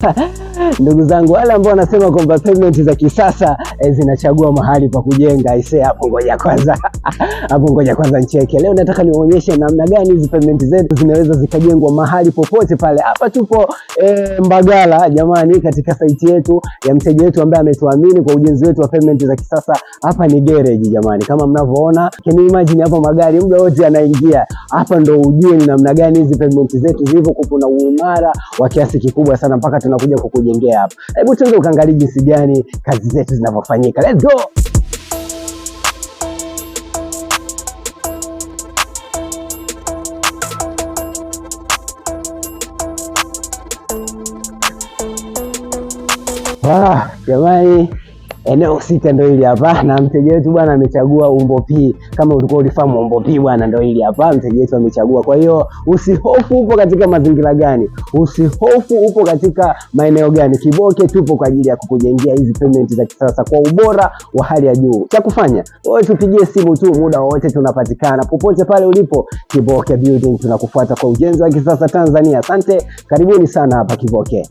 Ndugu zangu wale ambao wanasema kwamba pavement za kisasa e, zinachagua mahali pa kujenga ise, hapo ngoja kwanza, hapo ngoja kwanza ncheke. Leo nataka niwaonyeshe namna gani hizi pavement zetu zinaweza zikajengwa mahali popote pale. Hapa tupo e, Mbagala jamani, katika site yetu ya mteja wetu ambaye ametuamini kwa ujenzi wetu wa pavement za kisasa. Hapa ni garage jamani, kama mnavyoona, can you imagine, hapa magari muda wote yanaingia hapa. Ndo ujue ni namna gani hizi pavement zetu zilivyo, kuna uimara wa kiasi kikubwa sana mpaka tunakuja kukujengea hapa. Hebu tuanze ukaangalia jinsi gani kazi zetu zinavyofanyika. Let's go. Ah, jamani eneo husika ndo hili hapa, na mteja wetu bwana amechagua umbo P. Kama ulikuwa ulifahamu umbo P bwana, ndo hili hapa mteja wetu amechagua. Kwa hiyo usihofu, upo katika mazingira gani, usihofu, upo katika maeneo gani, Kiboke tupo kwa ajili ya kukujengea hizi payment za kisasa kwa ubora wa hali ya juu. Cha kufanya wewe, tupigie simu tu muda wowote, tunapatikana popote pale ulipo. Kiboke Building tunakufuata kwa ujenzi wa kisasa Tanzania. Asante, karibuni sana hapa Kiboke.